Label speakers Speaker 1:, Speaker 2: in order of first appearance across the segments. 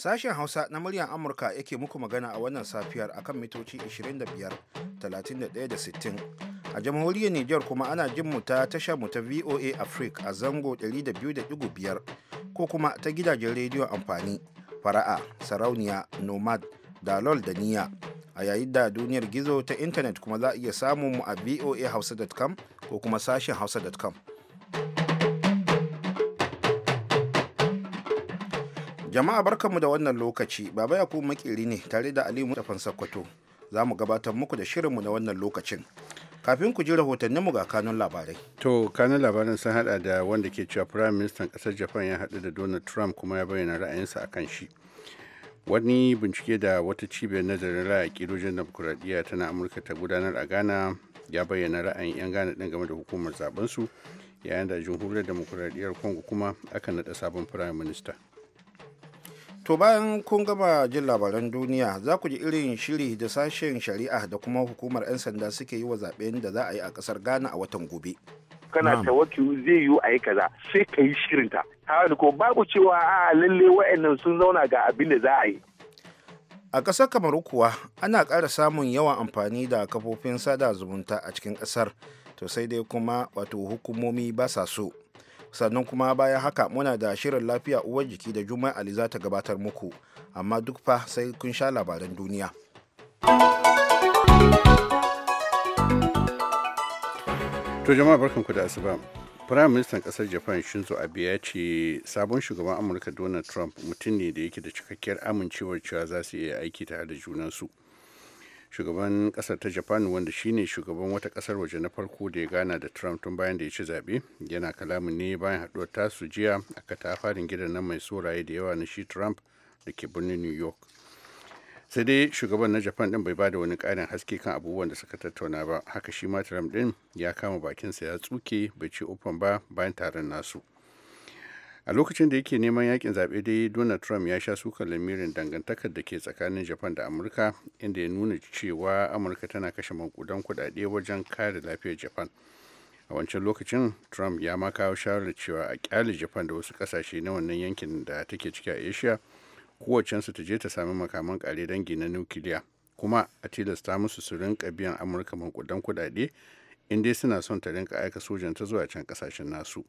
Speaker 1: Sashen Hausa na muryar Amurka yake muku magana a wannan safiyar akan mitoci 25, 31 da 60. A jamhuriyar Nijar kuma ana jin mu ta tashar mu ta VOA Africa a zango 200.5 ko kuma ta gidajen rediyon amfani fara'a, sarauniya, nomad, dalol da niya. A yayin da duniyar gizo ta intanet kuma za a iya samun mu a voahausa.com ko kuma sashen hausa.com. Jama'a barkanmu da wannan lokaci, Baba Yakubu Makeri ne tare da Aliyu mutafan Sakkwato. Za mu gabatar muku da shirinmu na wannan lokacin. Kafin ku ji mu ga kanun labarai.
Speaker 2: To, kanun labarin sun hada da wanda ke cewa Prime Minister kasar Japan ya hadu da Donald Trump kuma ya bayyana ra'ayinsa akan shi. Wani bincike da wata cibiyar nazarin ra'ayi kirojin demokuraɗiyya tana Amurka ta gudanar a Ghana ya bayyana ra'ayin 'yan Ghana ɗin game da hukumar zaben su yayin da jamhuriyar demokuraɗiyyar Congo kuma aka naɗa sabon Prime Minister. To bayan kun gama jin labaran
Speaker 1: duniya za ku ji irin shiri da sashen shari'a da kuma hukumar 'yan sanda suke yi wa zaɓen da za a yi a ƙasar Ghana a watan
Speaker 3: gobe. Kana waki zai yiwu a yi kaza sai ka yi shirinta. Haka ko babu cewa a lalle wa'annan sun zauna ga abin da za a yi.
Speaker 1: A ƙasar Kamaru kuwa ana ƙara samun yawan amfani da kafofin sada zumunta a cikin ƙasar to sai dai kuma wato hukumomi ba sa so. sannan kuma bayan haka muna da shirin lafiya uwar jiki da juma'a ali za ta gabatar muku amma duk fa sai kun sha labaran duniya
Speaker 2: to jama'a barkanku da asuba firayim ministan kasar japan shinzo abe ya ce sabon shugaban amurka donald trump mutum ne da yake da cikakkiyar amincewar cewa za su iya aiki tare da junansu su shugaban kasar ta japan wanda shine shugaban wata kasar waje na farko da ya gana da trump tun bayan da ya ci zaɓe yana kalamin ne bayan haɗuwar tasu jiya a katafarin gidan nan mai soraye da yawa na shi trump da ke birnin new york sai dai shugaban na japan din bai bada wani ƙarin haske kan abubuwan da suka tattauna ba haka shi ma trump din ya kama bakinsa ya tsuke bai ci ofan ba bayan taron nasu a lokacin da yake neman yakin zaɓe dai donald trump ya sha sukar lamirin dangantakar da ke tsakanin japan da amurka inda ya nuna cewa amurka tana kashe mankudan kudade wajen kare lafiyar japan a wancan lokacin trump ya ma kawo shawarar cewa a kyale japan da wasu kasashe na wannan yankin da take ciki a asia kowacensu ta je ta sami makaman kare dangi na nukiliya kuma a tilasta musu su rinka biyan amurka mankudan kudade in dai suna son ta rinka aika sojanta zuwa can kasashen nasu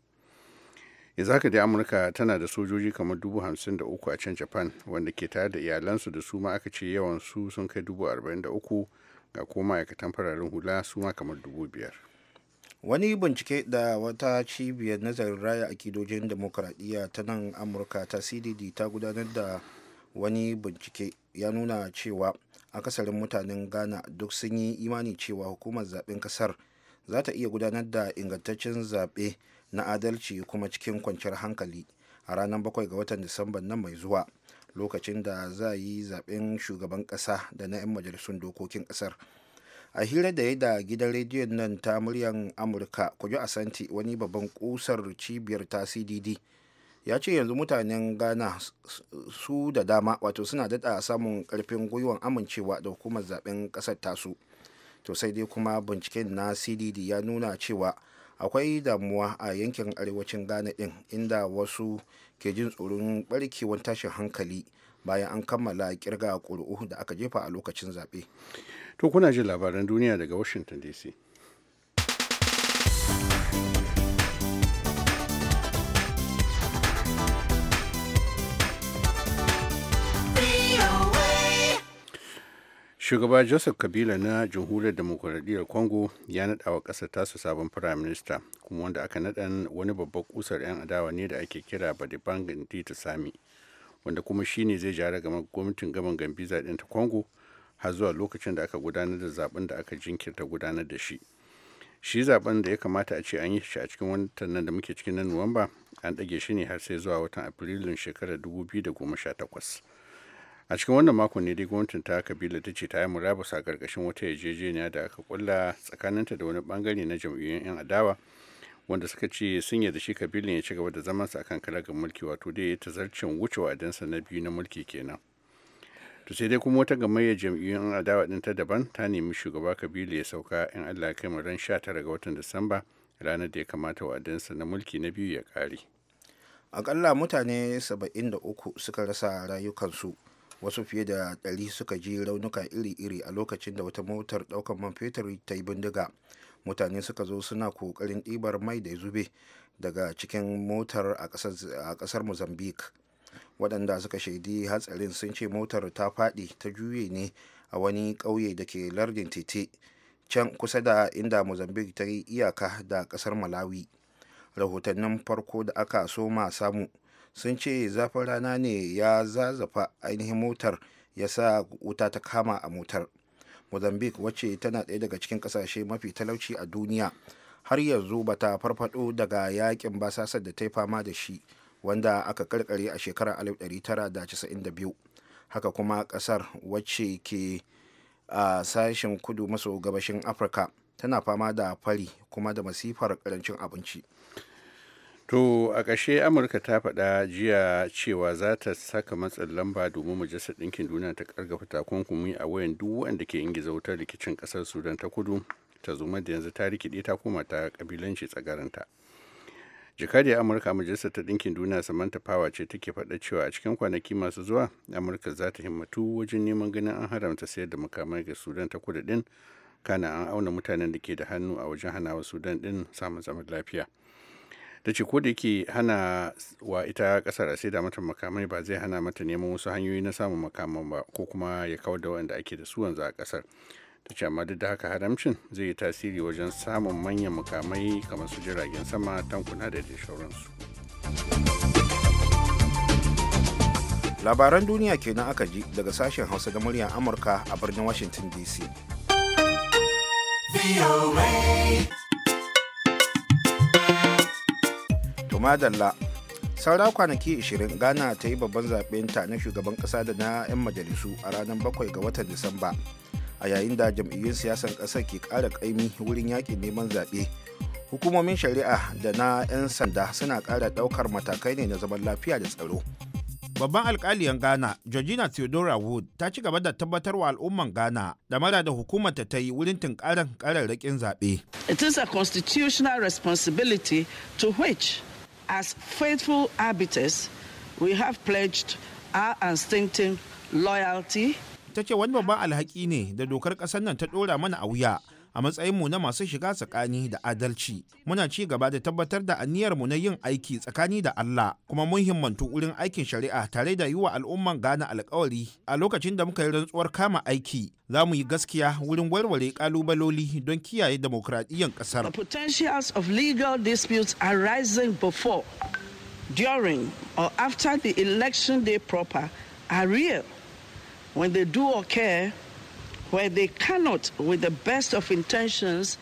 Speaker 2: yanzu haka dai amurka tana da sojoji kamar dubu hamsin da uku a can japan wanda ke tare da iyalansu da suma aka ce yawan su sun kai dubu arba'in da uku ga koma ma'aikatan fararen hula su kamar dubu biyar
Speaker 1: wani bincike da wata cibiyar nazarin raya a akidojin demokuraɗiyya ta nan amurka ta cdd ta gudanar da wani bincike ya nuna cewa akasarin mutanen ghana duk sun yi imani cewa hukumar zaben kasar za ta iya gudanar da ingantaccen zaɓe na adalci kuma cikin kwanciyar hankali a ranar 7 ga watan disamba nan mai zuwa lokacin da za a yi zaben shugaban kasa da na 'yan majalisun dokokin kasar. a hira da ya da gidan rediyon nan ta muryan amurka kujo santi wani babban kusar cibiyar ta cdd ya ce yanzu mutanen ghana su da dama wato suna daɗa samun ƙarfin gwiwan amincewa da hukumar zaben ƙasar tasu to sai dai kuma binciken na cdd ya nuna cewa akwai damuwa a yankin arewacin ghana din inda wasu ke jin tsoron barkewar tashin hankali bayan an kammala kirga ƙuri'u da aka jefa a lokacin
Speaker 2: zaɓe. to kuna jin labaran duniya daga washington dc shugaba joseph kabila na jamhuriyar demokuraɗiyyar congo ya naɗa wa ƙasar tasu sabon prime minister kuma wanda aka naɗa wani babban kusar 'yan adawa ne da ake kira badibang ndita sami wanda kuma shine zai jara gama gwamnatin gaban gambiza ɗin ta congo har zuwa lokacin da aka gudanar da zaben da aka jinkirta gudanar da shi shi zaɓen da ya kamata a ce an yi shi a cikin watan nan da muke cikin na nuwamba an ɗage shi ne har sai zuwa watan afrilun shekarar 2018 a cikin wannan makon ne dai gwamnatin ta kabila ta ce ta yi murabus a ƙarƙashin wata yarjejeniya da aka kulla tsakaninta da wani bangare na jam'iyyun 'yan adawa wanda suka ce sun yarda shi kabilin ya ci gaba da zaman sa akan kalagar mulki wato dai ya tazarcin wuce wa'adansa na biyu na mulki kenan to sai dai kuma wata gamayyar jam'iyyun adawa din ta daban ta nemi shugaba kabilu ya sauka 'yan allah kai mu ran 19 ga watan disamba ranar da ya kamata wa'adansa na mulki na biyu ya kare
Speaker 1: akalla mutane 73 suka rasa rayukansu wasu fiye da ɗari suka ji raunuka iri-iri a lokacin da wata motar ɗaukar man fetur ta yi bindiga mutane suka zo suna ƙoƙarin ɗibar mai da zube daga cikin motar a ƙasar mozambique waɗanda suka shaidi hatsarin sun ce motar ta faɗi ta juye ne a wani ƙauye da ke lardin tete can kusa da inda mozambique ta yi iyaka da ƙasar malawi rahotannin farko da aka soma samu sun ce zafin rana ne ya zazafa ainihin motar ya sa wuta ta kama a motar mozambique wacce tana ɗaya daga cikin ƙasashe mafi talauci a duniya har yanzu ba ta farfado daga yakin basasar da ta yi fama da shi wanda aka karkare a shekarar 1992 haka kuma ƙasar wacce ke a sashen kudu maso gabashin afirka tana fama da fari kuma da masifar
Speaker 2: ƙarancin abinci To a ƙashe Amurka ta faɗa jiya cewa za ta saka matsin lamba domin majalisar ɗinkin duniya ta ƙarfafa takunkumi a wayan duk wanda ke ingiza wutar rikicin ƙasar Sudan ta kudu ta zuma da yanzu ta rikide ta koma ta ƙabilanci tsagaranta. Jakadiyar Amurka a majalisar ta ɗinkin duniya Samantha Power ce take faɗa cewa a cikin kwanaki masu zuwa Amurka za ta himmatu wajen neman ganin an haramta sayar da makamai ga Sudan ta kudu ɗin kana an auna mutanen da ke da hannu a wajen hanawa Sudan ɗin samun zaman lafiya. da ce da ke hana wa ita kasar a da mata makamai ba zai hana mata neman wasu hanyoyi na samun makaman ba ko kuma ya kawar da wanda ake da su yanzu a kasar ta ce amma duk da haka haramcin zai yi tasiri wajen samun manyan makamai kamar su jiragen sama tankuna da dai
Speaker 1: labaran duniya kenan aka ji daga sashen hausa da muryar amurka a birnin washington dc madalla saura kwanaki 20 ghana ta yi babban ta na shugaban ƙasa da na 'yan majalisu a ranar 7 ga watan disamba a yayin da jam'iyyun siyasar ƙasar ke kara kaimi wurin yaƙin neman zaɓe hukumomin shari'a da na 'yan sanda suna kara ɗaukar matakai ne na zaman lafiya da tsaro babban alkaliyan ghana georgina theodora wood ta ci gaba da tabbatar wa al'umman ghana damara da hukumar ta yi wurin tunkarar kararrakin zaɓe it is a constitutional responsibility to which As faithful arbiters, we have pledged our unstained loyalty. Ta ce wani babban alhaki ne da dokar ƙasar nan ta ɗora mana a wuya a matsayinmu na masu shiga tsakani da adalci muna ci gaba da tabbatar da aniyarmu na yin aiki tsakani da Allah kuma mun himmantu wurin aikin shari'a tare da yi wa al'umman gane alkawari a lokacin da muka yi rantsuwar kama aiki za mu yi gaskiya wurin warware kalubaloli don kiyaye demokradiyyar kasar. The potentials of legal disputes arising before, during or after the election day proper are real. When they do occur, okay, where they cannot with best of intentions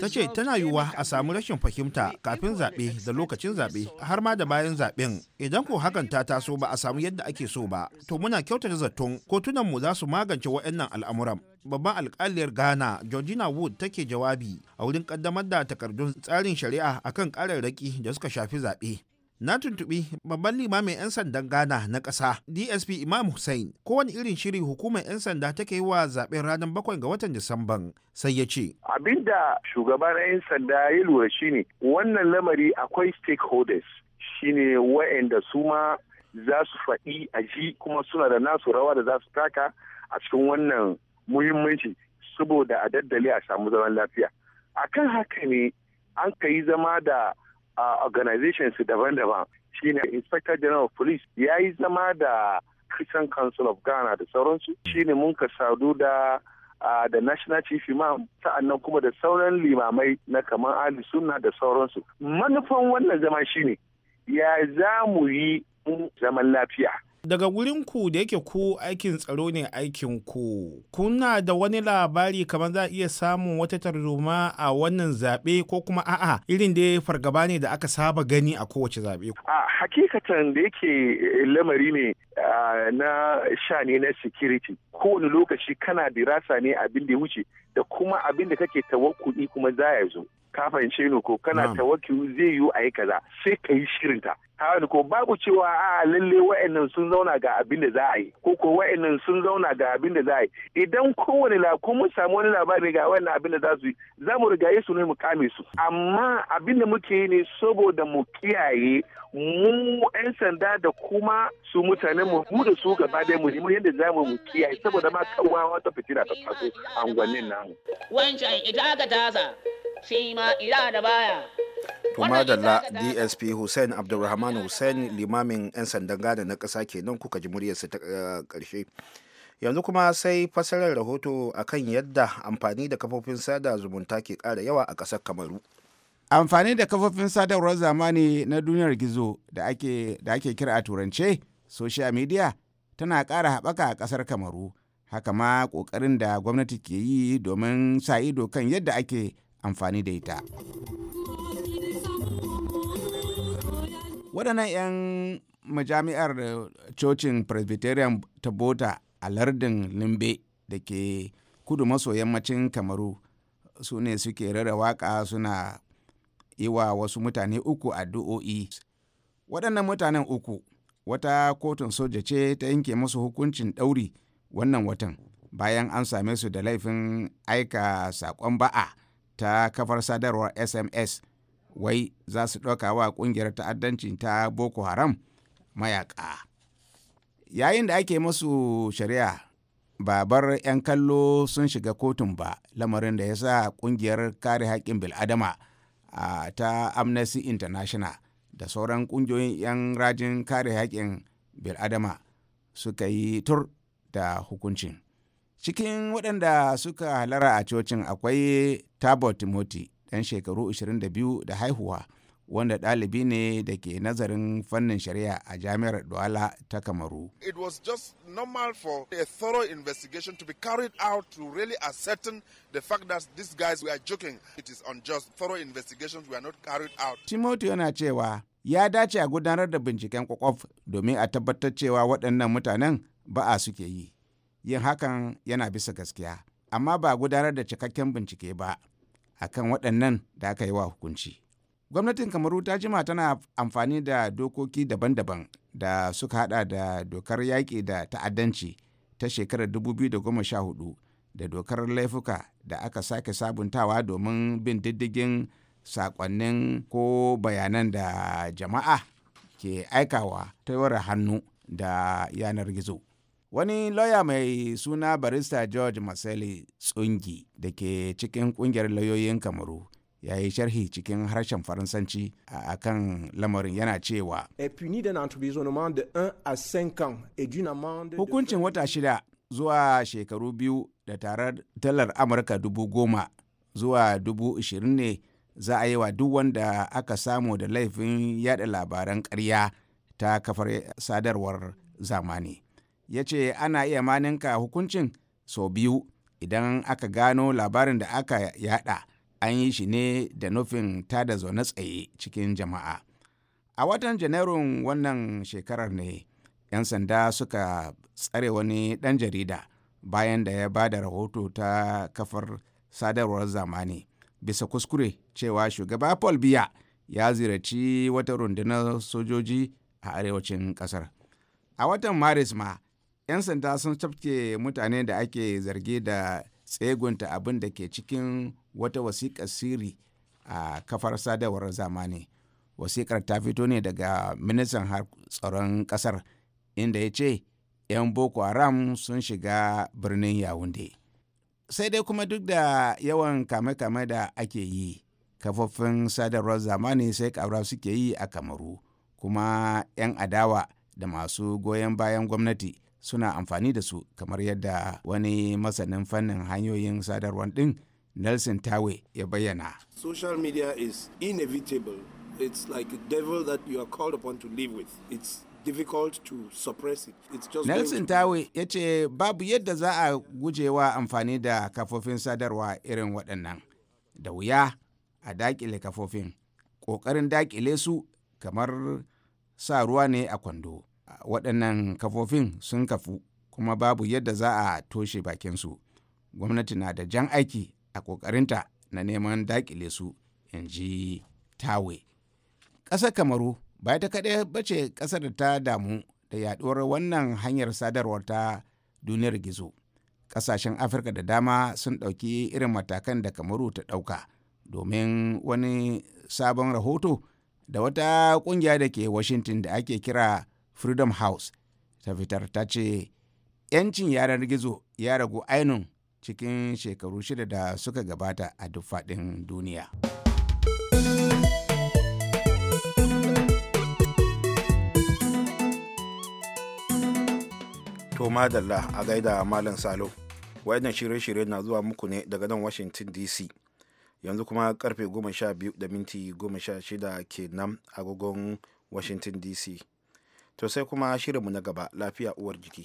Speaker 1: ta ce tana yiwuwa a samu rashin fahimta kafin zaɓe da lokacin zaɓe har ma da bayan zaɓen idan ko hakan ta taso ba a samu yadda ake so ba to muna kyautata zaton kotunanmu za su magance waɗannan al'amuran babban alkaliyar ghana georgina wood take jawabi a wurin ƙaddamar da takardun tsarin shari'a akan ƙararraki da suka shafi zaɓe na tuntuɓi babban limamin 'yan sandan ghana na ƙasa dsp imam hussein kowane irin shiri hukumar 'yan sanda take yi wa zaɓen ranar bakwai ga watan disamban sai ya ce
Speaker 3: abinda shugaban 'yan sanda ya lura shine wannan lamari akwai stakeholders shine wa'anda su ma za su faɗi a ji kuma suna da nasu rawa da za su taka a cikin wannan muhimmanci saboda a daddale a samu zaman lafiya akan haka ne an ka yi zama da a organizations daban-daban shine inspector general of police ya yi zama da christian council of ghana da sauransu shine mun ka da da national chief imam sa'annan kuma da sauran limamai na kamar ali suna da sauransu manufan wannan zama shine ya za mu yi zaman lafiya Daga
Speaker 1: ku da yake ku aikin tsaro ne aikin ku, kuna da wani labari kamar za a iya samun wata tarzoma a wannan zaɓe ko kuma a'a irin da fargaba ne da aka saba gani a kowace zaɓe.
Speaker 3: A hakikatan da yake eh, lamari ne na sha ne na security kowane lokaci kana dirasa ne abin da ya wuce da kuma abin da kake tawakkuli kuma za ya zo. ka fahimce ni ko kana waki zai yiwu a yi kaza sai ka yi shirin ka wani ko babu cewa a lalle wa'annan sun zauna ga abin da za a yi ko ko wa'annan sun zauna ga abin da za a yi idan kowane la ko mun samu wani labari ga wa'annan abin da za su yi za mu rigaye su ne mu kame su amma abin da muke yi ne saboda mu kiyaye mu 'yan sanda da kuma su mutane mu mu da su gaba da mu nemi yadda zamu mu kiyaye saboda ma kawawa wata fitina ta taso a angwannin namu
Speaker 4: wancan ita ka tasa shi ma ira da baya
Speaker 1: da madalla dsp hussein abdulrahman hussein limamin 'yan sandan gada na ƙasa kenan kuka ji muryarsa ta eh, ƙarshe yanzu kuma sai fasarar rahoto akan yadda amfani da kafofin sada zumunta ke ƙara yawa a ƙasar kamaru
Speaker 5: amfani da kafofin sadarwar zamani na duniyar gizo da ake, da ake kira a turance social media tana ƙara haɓaka a ƙasar kamaru haka ma ƙoƙarin da gwamnati ke yi domin sa ido kan yadda ake amfani da ita waɗannan 'yan majami'ar cocin presbyterian ta bota a lardin limbe da ke kudu maso yammacin kamaru su ne suke rera waka suna yi wa wasu mutane uku addu'o'i waɗannan mutanen uku wata kotun soja ce ta yanke musu hukuncin ɗauri wannan watan bayan an same su da laifin aika saƙon ba'a ta kafar sadarwar sms wai za su ɗauka wa ƙungiyar ta'addanci ta boko haram mayaƙa yayin da ake masu shari'a babar 'yan kallo sun shiga kotun ba lamarin da ya sa ƙungiyar kare haƙƙin bil'adama a ta amnesty international da sauran kungiyoyin 'yan rajin kare haƙƙin bil'adama suka yi tur da hukuncin cikin waɗanda suka halara a cocin akwai tabor timothy ɗan shekaru 22 da haihuwa wanda ɗalibi ne da ke nazarin fannin shari'a a jami'ar Douala ta Kamaru.
Speaker 1: It was just normal for a thorough investigation to be carried out to really ascertain the fact that these guys were joking. It is unjust. Thorough investigations were not carried out. Timothy yana
Speaker 5: cewa ya dace a gudanar da binciken kwakwaf domin a tabbatar cewa waɗannan mutanen ba'a suke yi. Yin hakan yana bisa gaskiya, amma ba gudanar da cikakken bincike ba akan waɗannan da aka yi wa hukunci. gwamnatin kamaru ta jima tana amfani da dokoki daban-daban da suka hada da dokar yaƙi da ta'addanci ta shekarar 2014 da dokar laifuka da aka sake sabuntawa domin bin diddigin saƙonnin ko bayanan da jama'a ke aikawa ta yawar hannu da yanar gizo wani lauya mai suna barista george maseli tsungi da ke cikin kungiyar lauyoyin kamaru ya yi sharhi cikin harshen faransanci a kan lamarin yana cewa hukuncin wata shida zuwa shekaru biyu da tarar dalar amurka dubu goma zuwa dubu ishirin ne za a yi wa duk wanda aka samu da laifin yada labaran karya ta kafar sadarwar zamani ya ce ana iya maninka hukuncin sau biyu idan aka gano labarin da aka yada an yi shi ne da nufin tada zaune tsaye cikin jama'a a watan janairun wannan shekarar ne 'yan sanda suka tsare wani ɗan jarida bayan da ya ba da rahoto ta kafar sadarwar zamani bisa kuskure cewa shugaba paul biya ya ziyarci wata rundunar sojoji a arewacin kasar a watan maris ma 'yan sanda sun cafke mutane da ake zargi da tsegunta abin da ke cikin wata wasiƙa sirri a kafar sadarwar zamani wasiƙar ta fito ne daga ministan tsaron ƙasar inda ya ce 'yan boko haram sun shiga birnin yawunde sai dai kuma duk da yawan kame-kame da ake yi kafofin sadarwar zamani sai ƙaura suke yi a kamaru kuma 'yan adawa da masu goyon bayan gwamnati suna amfani da su kamar yadda wani masanin fannin hanyoyin sadarwar ɗin Nelson Tawe ya bayyana.
Speaker 1: Social media is inevitable. It's like a devil that you are called upon to live with. It's difficult
Speaker 3: to suppress it. It's just Nelson Tawe
Speaker 5: ya ce babu yadda za a wa amfani da kafofin sadarwa irin waɗannan. Da wuya a daƙile kafofin, ƙoƙarin daƙile su kamar sa ruwa ne a kwando. Waɗannan kafofin sun kafu kuma babu yadda za a toshe bakinsu. Gwamnati na da jan aiki a ƙoƙarinta na neman daƙile su in ji tawe ƙasar kamaru ba ta kaɗai bace ƙasar da ta damu da yaɗuwar wannan hanyar sadarwar ta duniyar gizo ƙasashen afirka da dama sun ɗauki irin matakan da kamaru ta ɗauka domin wani sabon rahoto da wata ƙungiya da ke washington da ake kira freedom house ta fitar ta ce 'yancin yanar gizo ya ragu ainun cikin shekaru shida da suka gabata a duk faɗin duniya.
Speaker 1: To madalla a gaida Malam Salo, wayannan shirye-shirye na zuwa muku ne daga nan Washington DC. Yanzu kuma karfe goma sha biyu da minti goma sha ke nan agogon Washington DC. To sai kuma shirinmu na gaba lafiya uwar jiki.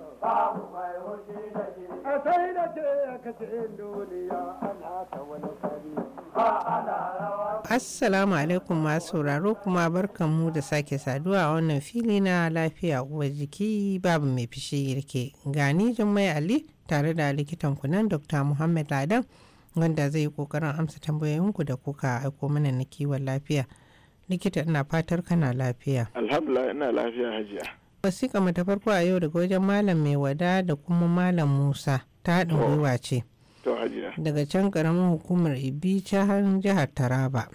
Speaker 4: assalamu alaikum masu sauraro kuma barkanmu da sake saduwa a wannan fili na lafiya uwa jiki babu mai fishi yake gani jummai ali tare da likitan kunan dr muhammad ladan wanda zai yi kokarin amsa tambayoyinku da kuka aiko mana na kiwon lafiya likita ina fatar kana lafiya
Speaker 6: alhamdulillah ina lafiya hajiya
Speaker 4: wasiƙa mu ta farko a yau daga wajen malam mai wada da kuma malam musa ta haɗin oh. gwiwa ce daga can ƙaramin hukumar ibica har jihar taraba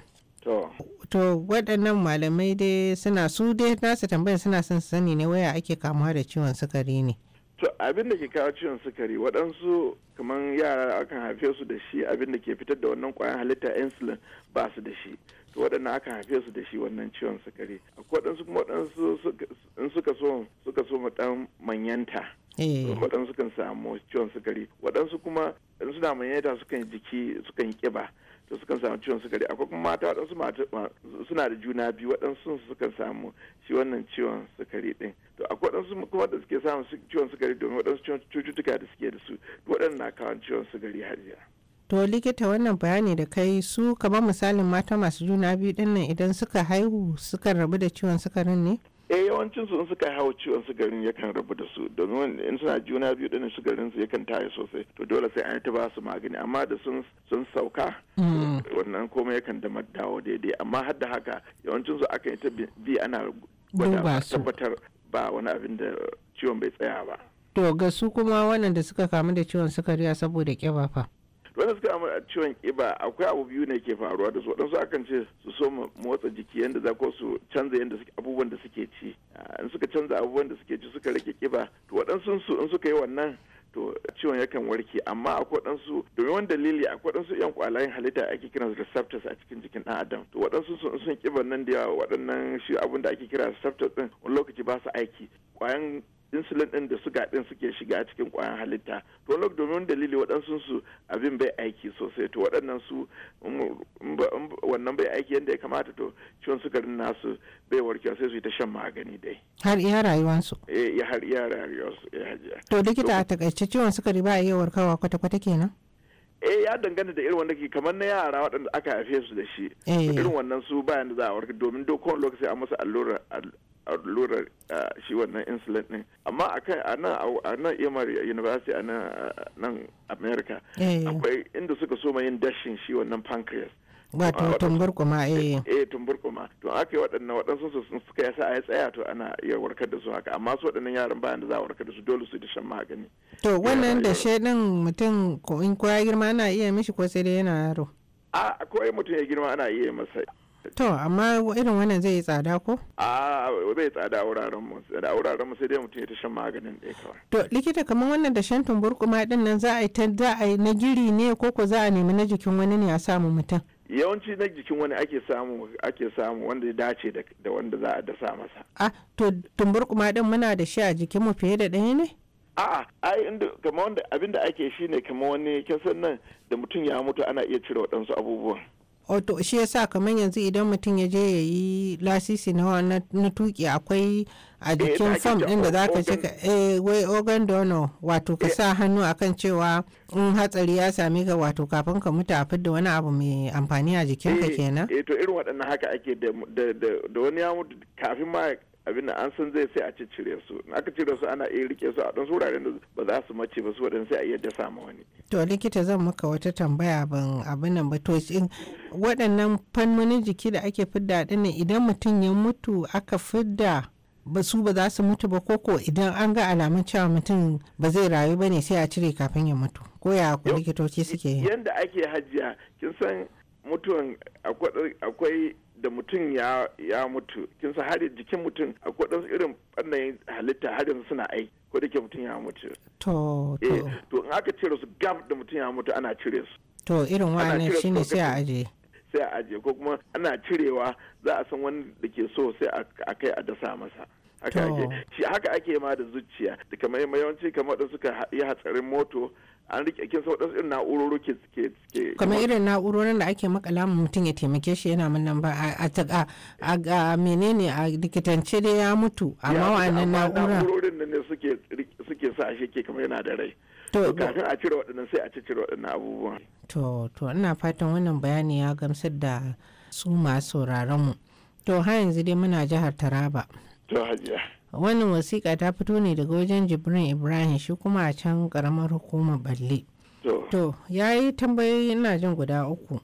Speaker 4: to waɗannan malamai dai suna su dai nasu tambayar suna son sani ne waya ake kamuwa da ciwon sukari ne
Speaker 6: to abin da ke kawo ciwon sukari waɗansu kamar yara akan haife su da shi abin da ke fitar da wannan kwayan halitta insulin ba su da shi to waɗannan akan haife su da shi wannan ciwon sukari akwai waɗansu kuma waɗansu in suka so suka so mu ɗan manyanta eh. waɗansu kan samu ciwon sukari waɗansu kuma in suna manyanta sukan jiki sukan ƙiba to sukan samu ciwon sukari akwai kuma mata waɗansu suna da juna biyu waɗansu sukan samu shi wannan ciwon sukari ɗin to akwai waɗansu kuma da suke samun ciwon sukari domin waɗansu cututtuka da suke da su waɗannan na kawo ciwon sukari yi
Speaker 4: to likita wannan bayani da kai su kamar misalin mata masu juna biyu ɗin nan idan suka haihu sukan rabu da ciwon sukarin ne?
Speaker 6: eh yawancinsu su in suka hau ciwon sukarin yakan rabu da su domin in suna juna biyu din sukarin su yakan taya sosai to dole sai an ta ba su magani amma da sun sun sauka mm. wannan komai yakan da dawo daidai amma har da haka yawancinsu su akan yi ta bi ana gwada tabbatar ba wani abin da ciwon bai tsaya ba
Speaker 4: to ga su kuma wannan da suka kamu da ciwon sukari saboda kiba fa
Speaker 6: wanda suka a ciwon kiba akwai abu biyu ne ke faruwa da su waɗansu akan ce su so motsa jiki yadda za ko su canza yadda abubuwan da suke ci ah, in suka canza abubuwan da suke ci suka rike kiba to waɗansu su in suka yi wannan to ciwon yakan warke amma akwai waɗansu domin wani dalili akwai waɗansu yan kwalayen halitta ake kiran receptors a cikin jikin ɗan adam to waɗansu in sun kiba nan da yawa waɗannan shi abin da ake kira receptors ɗin wani lokaci ba su aiki kwayan insulin ɗin da suga din suke shiga cikin kwayan halitta to lok domin dalili waɗansu su abin bai aiki sosai to waɗannan su wannan bai aiki yadda ya kamata to ciwon sukarin nasu bai warkewa sai su yi ta shan magani dai
Speaker 4: har iya rayuwarsu
Speaker 6: eh har iya rayuwarsu eh to likita a
Speaker 4: takaice ciwon sukari ba a iya warkarwa kwata-kwata kenan
Speaker 6: eh ya danganta da irin wanda ke kamar na yara waɗanda aka haife su da shi eh, eh. irin wannan su bayan da za a warka domin dokon lokaci a masa allurar shi wannan insulin ne. amma a nan a nan Emory University a nan America eh. akwai inda suka so yin dashin shi wannan pancreas
Speaker 4: wato tumbar kuma eh eh,
Speaker 6: eh tumbar kuma to aka yi waɗannan waɗansu su suka yasa ya tsaya to ana iya warkar da su haka amma su waɗannan yaran bayan da za a warkar da su dole su da shan magani
Speaker 4: to wannan da shaidan mutum ko in ko girma ana iya mishi ko sai dai yana yaro
Speaker 6: a ko mutum ya girma ana iya masa
Speaker 4: to amma irin wannan zai yi tsada ko
Speaker 6: a bai tsada wuraren mu tsada wuraren mu sai dai mutum ya ta shan maganin ɗaya kawai
Speaker 4: to likita kamar wannan da shan tumburkuma din nan za a yi za a yi na giri ne ko ko za a nemi na jikin wani ne a samu mutum
Speaker 6: yawanci na jikin wani ake samu ake samu wanda ya dace da wanda za a dasa masa
Speaker 4: a to tumburkuma din muna da shi a jikin mu fiye da ɗaya ne
Speaker 6: a'a ai inda kamar wanda abinda ake shi ne kamar wani kin nan da mutum ya mutu ana iya cire waɗansu abubuwan
Speaker 4: wato shi sa kamar yanzu idan mutum ya je ya yi lasisi na tuki akwai a eh, jikin fam din da zaka cika eh wai organ donor wato ka eh. sa hannu akan cewa in hatsari ya sami ka wato kafin ka mutu a fidda wani abu mai amfani a jikin ka eh, kenan
Speaker 6: eh to irin waɗannan haka ake da wani ya mutu kafin ma abin an san zai sai a ciccire su in aka cire su ana iya rike su a ɗan wuraren da ba za su mace ba su waɗansu sai a iya ma wani.
Speaker 4: to likita zan maka wata tambaya ban abin nan ba to waɗannan fannonin jiki da ake fidda ɗin idan mutum ya mutu aka fidda ba su ba za su mutu ba koko idan an ga alamun cewa mutum ba zai rayu ba ne sai a cire kafin ya mutu ko ya likitoci suke yi
Speaker 6: yanda ake hajiya kin san mutuwan akwai da mutum ya ya mutu kin sa har jikin mutum akwai ɗansu irin ɓannayin halitta har yanzu suna ai ko da ke mutum ya mutu
Speaker 4: to to eh,
Speaker 6: to in aka cire su gab da mutum ya mutu ana cire su
Speaker 4: to irin wani shine sai a aje
Speaker 6: sai a ajiye ko kuma ana cirewa za a san wani da ke so sai a kai a dasa masa haka ake shi haka ake ma da zuciya da kamar yawanci kamar da suka yi hatsarin moto an rike kin sau da irin na'urori ke ke kamar irin
Speaker 4: na'urorin da ake makala mu mutum ya taimake shi yana mun nan ba a ta a menene a likitance dai ya mutu amma wa'annan na'urorin
Speaker 6: ne suke suke sa shi ke kamar yana da rai to kafin a cire waɗannan sai a cire waɗannan abubuwan
Speaker 4: to to ina fatan wannan bayani ya gamsar da su masu sauraron mu to har yanzu dai muna jihar taraba to hajiya wannan wasiƙa ta fito ne daga wajen jibrin ibrahim shi kuma a can ƙaramar hukumar balle to ya yi tambayoyi ina jin guda uku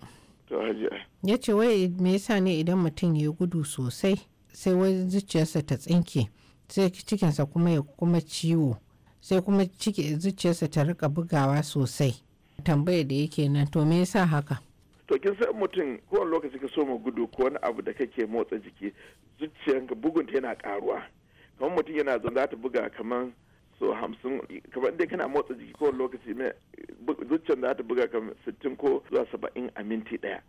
Speaker 4: ya ce wai me yasa ne idan mutum ya gudu sosai sai wai zuciyarsa ta tsinke sai cikinsa kuma ya kuma ciwo sai kuma cike zuciyarsa ta rika bugawa sosai tambaya da yake nan to me yasa haka
Speaker 6: to kin san mutum kowane lokaci ka so mu gudu ko wani abu da kake motsa jiki zuciyarka bugunta yana karuwa kamar mutum yana zan za ta buga kamar so hamsin kamar dai kana motsa jiki kowane lokaci zuciyar za ta buga kamar sittin ko zuwa saba'in a minti daya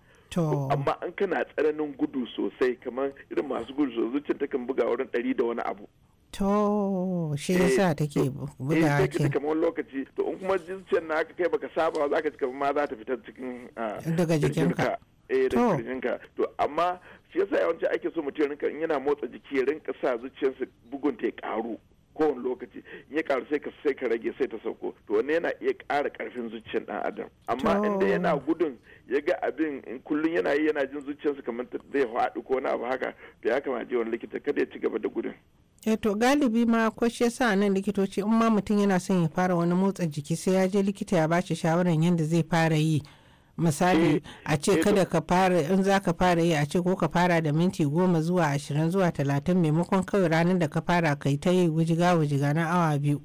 Speaker 6: amma an kana tsananin gudu sosai kamar irin masu gudu sosai zuciyar ta kan buga wurin ɗari da wani abu
Speaker 4: to shi yasa take buga ake take
Speaker 6: kamar lokaci to in kuma zuciyar na aka kai baka saba za ka ji kamar ma za ta fitar cikin ah, daga jikinka eh daga jikinka to amma shi yasa yawanci ake so mutum rinka in yana motsa jiki rinka sa zuciyarsa bugun ta ya karu kowane lokaci in ya karu sai ka sai ka rage sai ta sauko to wani yana iya ƙara ƙarfin zuciyar ɗan adam amma inda yana gudun ya ga abin in kullum yana yi yana jin zuciyarsa kamar zai faɗi ko wani abu haka to ya kamata je wani likita kada ya ci gaba da gudun
Speaker 4: ya eh, to galibi ma ko shi yasa nan likitoci in ma mutum yana son ya fara wani motsa jiki sai ya je likita ya bashi shawarar yadda zai fara yi misali eh, a ce eh, kada ka fara in za ka fara yi a ce ko ka fara da minti goma zuwa ashirin zuwa talatin maimakon kawai ranar da ka fara kai ta yi wujiga wujiga na awa biyu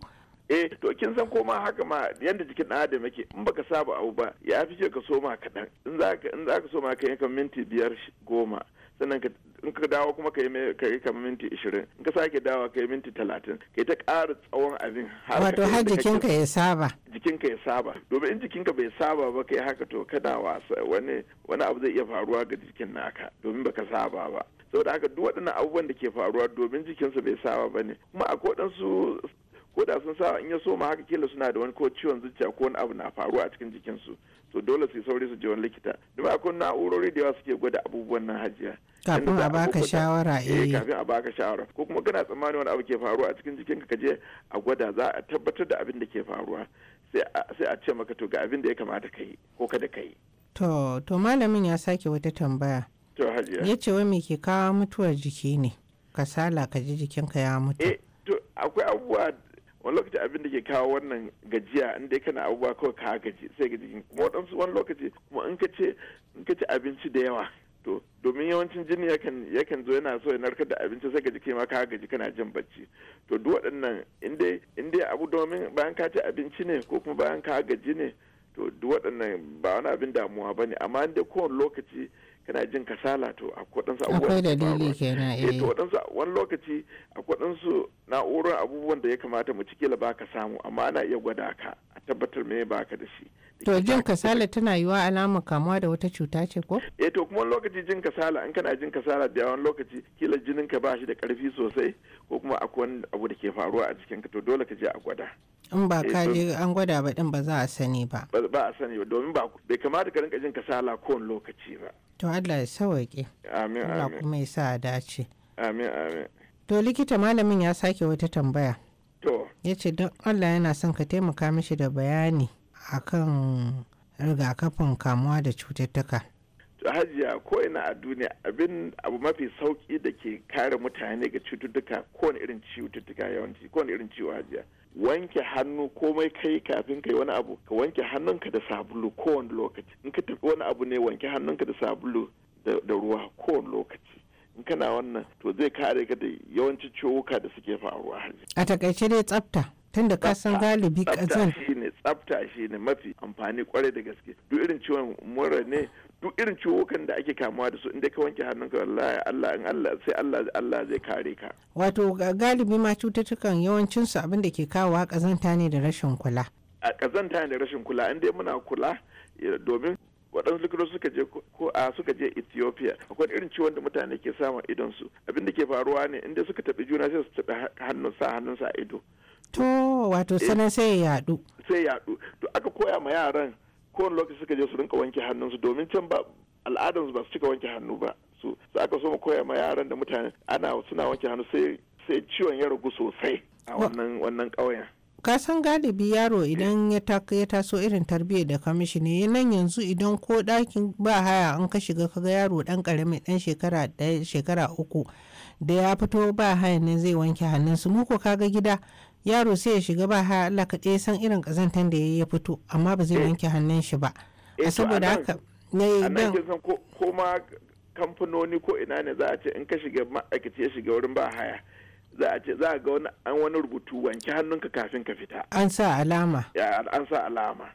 Speaker 3: eh
Speaker 6: to kin san ko ma haka ma yadda jikin ɗan adam yake in baka saba abu ba ya fi ka soma kaɗan in za ka soma ka yi kan minti biyar goma sannan ka in ka dawo kuma ka yi kamar minti ishirin in ka sake dawo ka yi minti talatin ka yi ta ƙara tsawon abin har wato har jikinka ya saba jikinka ya saba domin in jikinka bai saba ba ka yi haka to kada wasa wani wani abu zai iya faruwa ga jikin naka domin baka saba ba saboda haka duk waɗannan abubuwan da ke faruwa domin jikinsa bai saba ba ne kuma akwai waɗansu ko da sun sa in ya so ma haka kila suna da wani ko ciwon zuciya ko wani abu na faruwa a cikin jikinsu to dole su sauri su je wani likita domin akwai na'urori da yawa suke gwada abubuwan nan hajiya
Speaker 4: kafin a baka shawara eh, eh kafin
Speaker 6: a baka shawara ko kuma kana tsammanin wani abu ke faruwa a cikin jikinka ka je a gwada za a tabbatar da abin da ke faruwa sai a ce maka to ga abin da ya kamata ka yi ko kada ka yi
Speaker 4: to to malamin ya sake wata tambaya
Speaker 6: to hajiya ya
Speaker 4: ce wai me ke kawo mutuwar jiki ne kasala ka ji jikinka ya mutu
Speaker 6: eh, akwai abubuwa wani lokaci abin da ke kawo wannan gajiya in dai kana abubuwa kawai ka gaji sai gaji kuma waɗansu wani lokaci kuma in ka ce ci abinci da yawa to domin yawancin jini yakan yakan zo yana so ya narkar da abinci sai gaji kai ma ka gaji kana jin bacci to duk waɗannan in dai abu domin bayan ka ci abinci ne ko kuma bayan ka gaji ne to duk waɗannan ba wani abin damuwa bane amma in dai kowane lokaci kana jin kasala to akwai ɗansu abubuwan
Speaker 4: akwai dalili kenan eh to
Speaker 6: eh. wani lokaci a ɗansu na'urar abubuwan da ya kamata mu ciki ba ka samu amma ana iya gwada ka a tabbatar me ba ka da shi
Speaker 4: to jin kasala tana yiwa alamar kamuwa da wata cuta ce ko
Speaker 6: eh to kuma lokaci jin kasala in kana jin kasala da yawan lokaci kila jinin ka ba shi da karfi sosai ko kuma akwai wani abu da ke faruwa a cikin ka to dole ka je a gwada
Speaker 4: in ba eh, ka je an gwada ba din ba za a sani ba
Speaker 6: ba a sani ba domin ba bai kamata ka rinka jin kasala kowane lokaci ba
Speaker 4: to Allah ya sauke amin amin Allah kuma ya sa a dace
Speaker 6: amin amin
Speaker 4: to likita malamin ya sake wata tambaya to yace don Allah yana son ka taimaka mishi da bayani akan rigakafin kamuwa da cututtuka
Speaker 6: hajiya ko ina a duniya abin abu mafi sauki da ke kare mutane ga cututtuka wani irin cututtuka yawanci wani irin ciwo hajiya wanke hannu komai kai kafin kai wani abu ka wanke hannunka da sabulu ko wani lokaci in ka tafi wani abu ne wanke hannunka da sabulu da ruwa ko wani lokaci in kana wannan to zai kare ka da yawancin ciwuka da suke faruwa
Speaker 4: a takaice dai tsafta tunda ka san galibi kazan tsafta
Speaker 6: shine tsafta mafi amfani kwarai da gaske duk irin ciwon mura ne duk irin ciwokan da ake kamuwa da su inda ka wanke hannunka wallahi Allah in Allah sai Allah Allah zai kare ka
Speaker 4: wato galibi ma cututtukan yawancin su abin da ke kawowa kazanta ne da rashin kula
Speaker 6: a kazanta ne da rashin kula in dai muna kula domin waɗansu likito suka je ko a suka je Ethiopia akwai irin ciwon da mutane ke samun idon su abin da ke faruwa ne inda suka taɓi juna sai su taɓi hannun sa hannun sa a ido
Speaker 4: to wato eh. sanan sai ya yaɗu
Speaker 6: sai ya yaɗu to aka koya ma yaran kowane lokaci suka je su rinka wanke hannunsu domin can ba al'adarsu ba su cika wanke hannu ba su aka so mu koya ma yaran da mutane ana suna wanke hannu sai ciwon ya ragu sosai a wannan wannan ƙauyen ka san
Speaker 4: galibi yaro idan ya taso irin tarbiyyar da ka mishi ne nan yanzu idan ko dakin ba haya an ka shiga kaga yaro dan karamin dan shekara ɗaya shekara uku da ya fito ba haya ne zai wanke hannunsu mu ko kaga gida yaro sai ya shiga ba ha ka kaɗai san irin ƙazantar da ya fito amma ba zai eh. wanke hannun shi ba
Speaker 6: a eh, saboda haka ne dan ko ma kamfanoni ko ina ne za a ce in ka shiga ma'aikaci ya shiga wurin ba haya za a ce za a ga wani an wani rubutu wanke hannunka kafin ka fita an sa alama an sa alama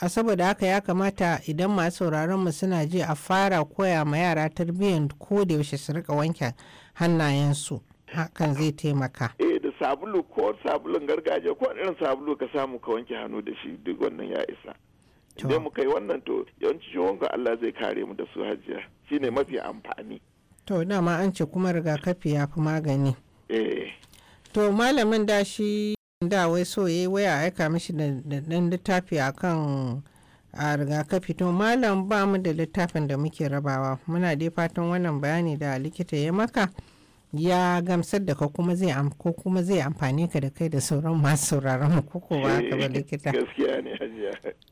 Speaker 4: a saboda haka ya kamata idan masu sauraron mu suna ji a fara koya ma yara tarbiyyar ko da yaushe su rika wanke hannayensu hakan zai taimaka
Speaker 6: eh, sabulu ko sabulun gargajiya ko irin sabulu ka samu ka wanke hannu da shi duk wannan ya isa idan mu yi wannan to yawanci ciwon Allah zai kare mu da su hajiya shine mafi amfani
Speaker 4: to dama an ce kuma rigakafi ya fi magani eh to malamin da shi da wai so yayi waya aika mishi da dan littafi akan a rigakafi to malam ba mu da littafin da muke rabawa muna dai fatan wannan bayani da likita ya maka ya gamsar da ka kuma zai ko kuma zai amfani ka da kai da sauran masu sauraron ko kowa ka ba eh, likita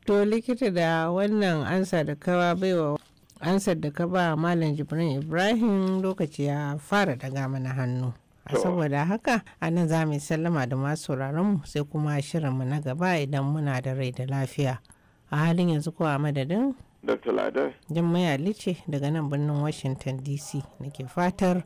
Speaker 4: to likita da wannan ansa da ka baiwa ansar da ka ba malam jibrin ibrahim lokaci ya fara daga mana hannu a saboda haka a nan za mu sallama da masu mu sai kuma shirin mu na gaba idan muna da rai da lafiya a halin yanzu ko a madadin
Speaker 6: dr ladar
Speaker 4: jin alice daga nan birnin washington dc nake fatar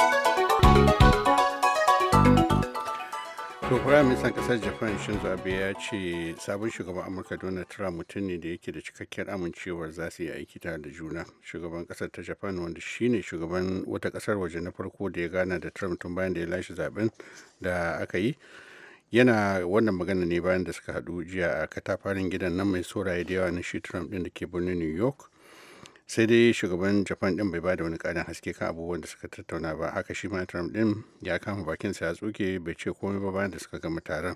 Speaker 2: to firaministan kasar japan shinzo abe ya ce sabon shugaban amurka donald trump mutum ne da yake da cikakkiyar amincewar za su yi aiki tare da juna shugaban kasar ta japan wanda shine shugaban wata kasar waje na farko da ya gana da trump tun bayan da ya lashe zaben da aka yi yana wannan magana ne bayan da suka haɗu jiya a katafarin gidan nan mai soraye da yawa na shi trump din da ke birnin new york sai dai shugaban japan din bai bada wani karin haske kan abubuwan da suka tattauna ba haka shi ma trump din ya kama bakin sa ya tsuke bai ce komai ba bayan da suka gama taron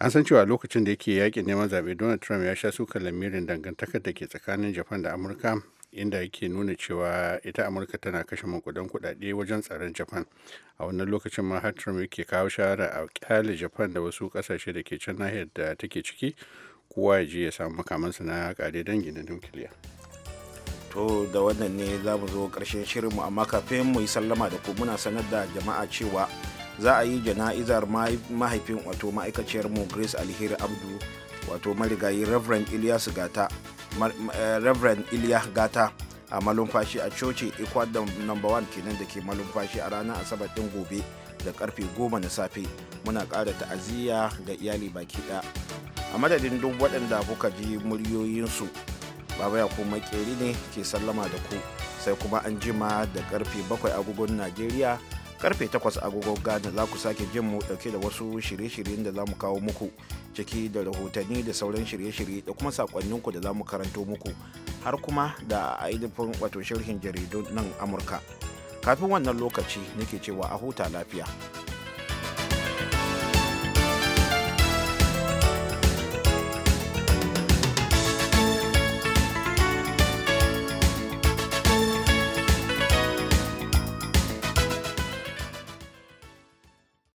Speaker 2: an san cewa lokacin da yake yakin neman zaɓe donald trump ya sha sukan lamirin dangantakar da ke tsakanin japan da amurka inda yake nuna cewa ita amurka tana kashe makudan kudade wajen tsaron japan a wannan lokacin ma har trump yake kawo shahara a kyale japan da wasu kasashe da ke can nahiyar da take ciki kowa ya je ya samu makamansa na kare dangi na nukiliya to da wannan ne za mu
Speaker 1: zo ƙarshen shirinmu amma kafin mu yi sallama da ku muna sanar da jama'a cewa za a yi jana'izar mahaifin wato ma'aikaciyar mu grace alheri abdu wato marigayi reverend ilyas gata eh, reverend ilyas gata a malumfashi a coci ikwadon number one kenan da ke malumfashi a ranar asabar din gobe da karfe goma na safe muna ƙara ta'aziyya ga iyali baki ɗaya a madadin duk waɗanda kuka ji muryoyinsu baba yakub makeri ne ke sallama da ku sai kuma an jima da karfe 7 agogon najeriya karfe 8 agogon ghana za ku sake jin mu dauke da wasu shirye-shiryen da za mu kawo muku ciki da rahotanni da sauran shirye-shirye da kuma sakonninku da za mu karanto muku har kuma da ainihin wato sharhin jaridun nan amurka kafin wannan lokaci nake cewa a huta lafiya